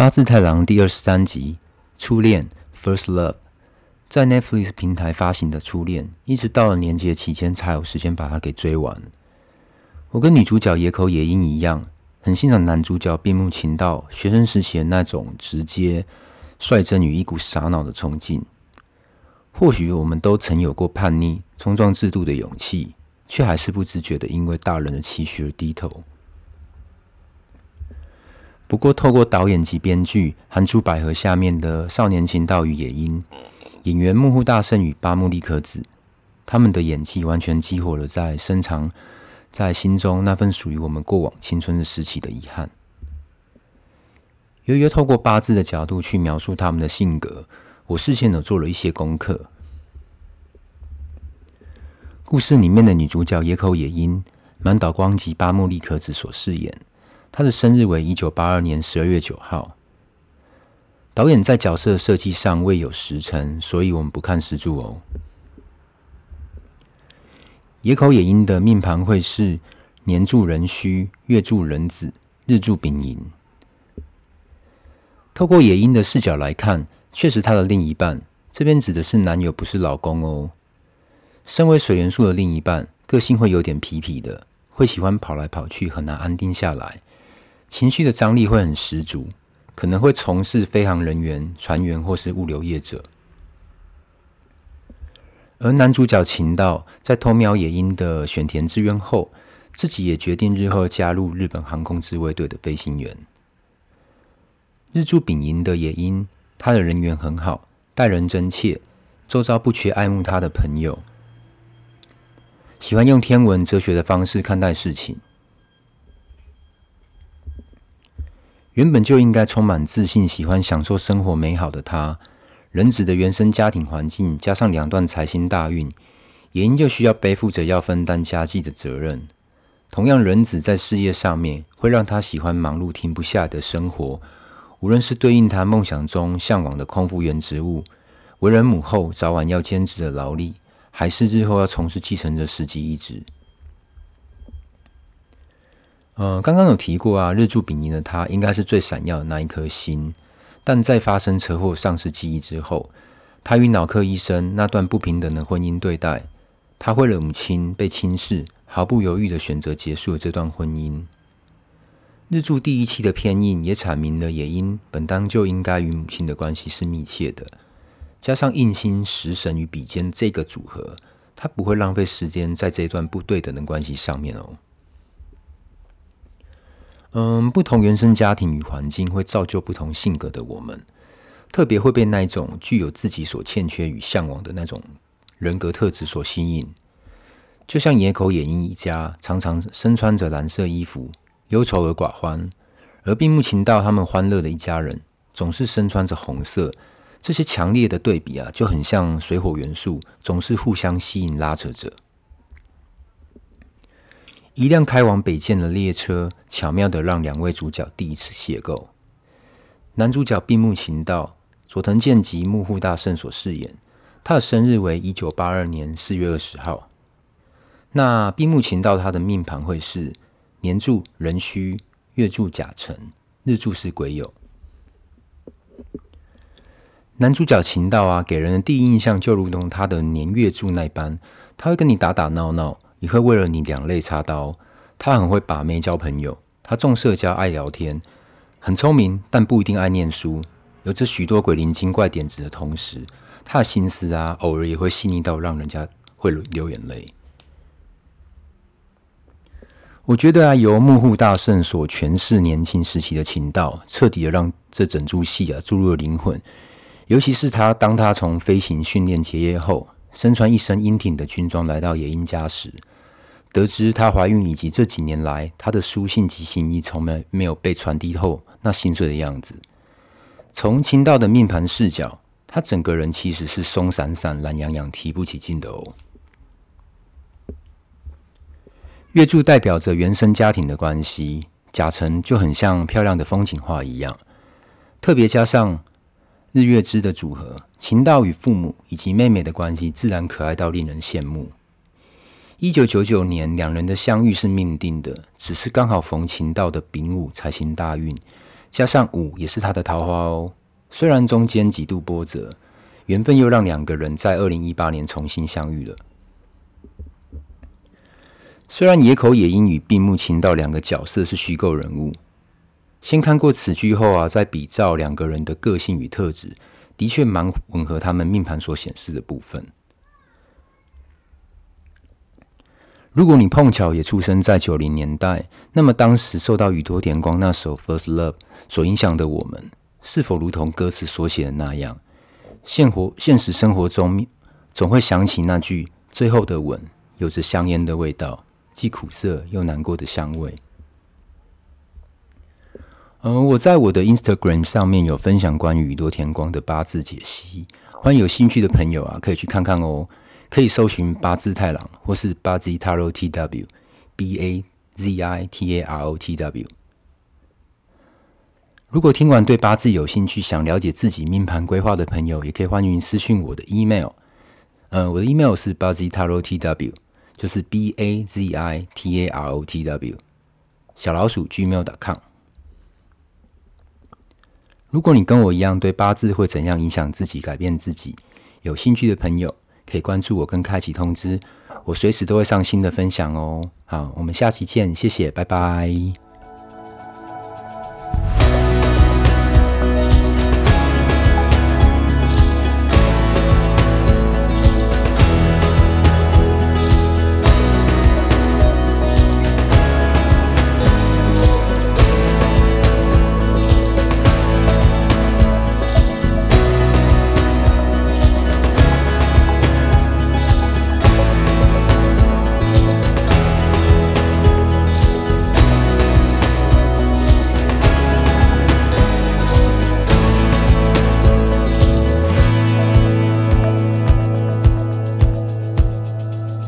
《八字太郎》第二十三集《初戀》（First Love） 在 Netflix 平台發行的《初戀》，一直到了年節期間才有時間把它給追完。我跟女主角野口也英一樣，很欣賞男主角並木晴道學生時期的那種直接、率真與一股傻腦的衝勁。或許我們都曾有過叛逆、衝撞制度的勇氣，卻還是不自覺的因為大人的期許而低頭。不過，透過導演及編劇寒竹百合下面的少年晴道與野櫻，演員木戶大聖與八木利可子，他們的演技完全激活了在深藏在心中那份屬於我們過往青春時期的遺憾。由於透過八字的角度去描述他們的性格，我事先有做了一些功課。故事裡面的女主角野口野櫻，滿島光及八木利可子所飾演。他的生日為一九八二年十二月九號。導演在角色設計上未有時辰，所以我們不看時柱哦。野口也英的命盤會是年柱壬戌，月柱壬子，日柱丙寅。透過也英的視角來看，確實他的另一半這邊指的是男友，不是老公哦。身為水元素的另一半，個性會有點痞痞的，會喜歡跑來跑去，很難安定下來。情緒的張力會很十足，可能會從事飛行人員、船員或是物流業者。而男主角晴道在偷瞄也英的選填志願後，自己也決定日後加入日本航空自衛隊的飛行員。日柱丙寅的也英，他的人緣很好，待人真切，周遭不缺愛慕他的朋友，喜歡用天文哲學的方式看待事情。原本就應該充滿自信、喜歡享受生活美好的他，人子的原生家庭環境加上兩段財星大運，也依舊需要背負着要分擔家計的責任。同樣，人子在事業上面會讓他喜歡忙碌、停不下的生活，無論是對應他夢想中向往的空服員職務、為人母後早晚要兼職的勞力，還是日後要從事繼承的司機一職。呃、嗯，剛剛有提過啊，日柱丙寅的他應該是最閃耀的那一顆星，但在發生車禍喪失記憶之後，他與腦科醫生那段不平等的婚姻對待，他為了母親被輕視，毫不猶豫的選擇結束了這段婚姻。日柱第一期的偏印也闡明了，也因本當就應該與母親的關係是密切的，加上印星食神與比肩這個組合，他不會浪費時間在這一段不對等的關係上面哦。嗯，不同原生家庭與環境會造就不同性格的我們，特別會被那一種具有自己所欠缺與嚮往的那種人格特質所吸引。就像野口也英一家常常身穿着藍色衣服，憂愁而寡歡，而並木晴道他們歡樂的一家人總是身穿着紅色。這些強烈的對比啊，就很像水火元素，總是互相吸引拉扯着。一輛開往北見的列車，巧妙的讓兩位主角第一次邂逅。男主角並木晴道，佐藤健及木戶大聖所飾演。他的生日為一九八二年四月二十號。那並木晴道他的命盤會是年柱壬戌，月柱甲辰，日柱是癸酉。男主角晴道啊，給人的第一印象就如同他的年月柱那般，他會跟你打打鬧鬧。你會為了你兩肋插刀，他很會把妹交朋友，他重社交愛聊天，很聰明，但不一定愛念書。有著許多鬼靈精怪點子的同時，他的心思啊，偶爾也會細膩到讓人家會流眼淚。我覺得啊，由木戶大聖所詮釋年輕時期的晴道，徹底的讓這整出戲啊注入了靈魂。尤其是他，當他從飛行訓練結業後，身穿一身英挺的軍裝來到也英家時，得知她懷孕以及這幾年來她的書信及心意，從沒沒有被傳遞後，那心碎的樣子。從秦道的命盤視角，他整個人其實是鬆散散、懶洋洋、提不起勁的哦。月柱代表着原生家庭的關係，甲辰就很像漂亮的風景畫一樣。特別加上日月支的組合，秦道與父母以及妹妹的關係，自然可愛到令人羨慕。一九九九年，兩人的相遇是命定的，只是剛好逢晴道的丙午財星大運，加上午也是他的桃花哦。雖然中間幾度波折，緣分又讓兩個人在二零一八年重新相遇了。雖然野口也英與並木晴道兩個角色是虛構人物，先看過此劇後啊，再比照兩個人的個性與特質，的確蠻吻合他們命盤所顯示的部分。如果你碰巧也出生在九零年代，那麼當時受到宇多田光那首《First Love》所影響的我們，是否如同歌詞所寫的那樣，現活現實生活中總會想起那句“最後的吻”，有着香菸的味道，既苦澀又難過的香味。嗯、呃，我在我的 Instagram 上面有分享關於宇多田光的八字解析，歡迎有興趣的朋友啊，可以去看看哦。可以搜尋八字太郎，或是八字塔羅 TW，B A Z I T A R O T W。如果聽完對八字有興趣，想了解自己命盤規劃的朋友，也可以歡迎私訊我的 email。嗯、呃，我的 email 是八字塔羅 TW，就是 B A Z I T A R O T W，小老鼠 gmail.com。如果你跟我一樣對八字會怎樣影響自己、改變自己有興趣的朋友，可以關注我跟開啟通知，我隨時都會上新的分享哦。好，我們下期見，謝謝，拜拜。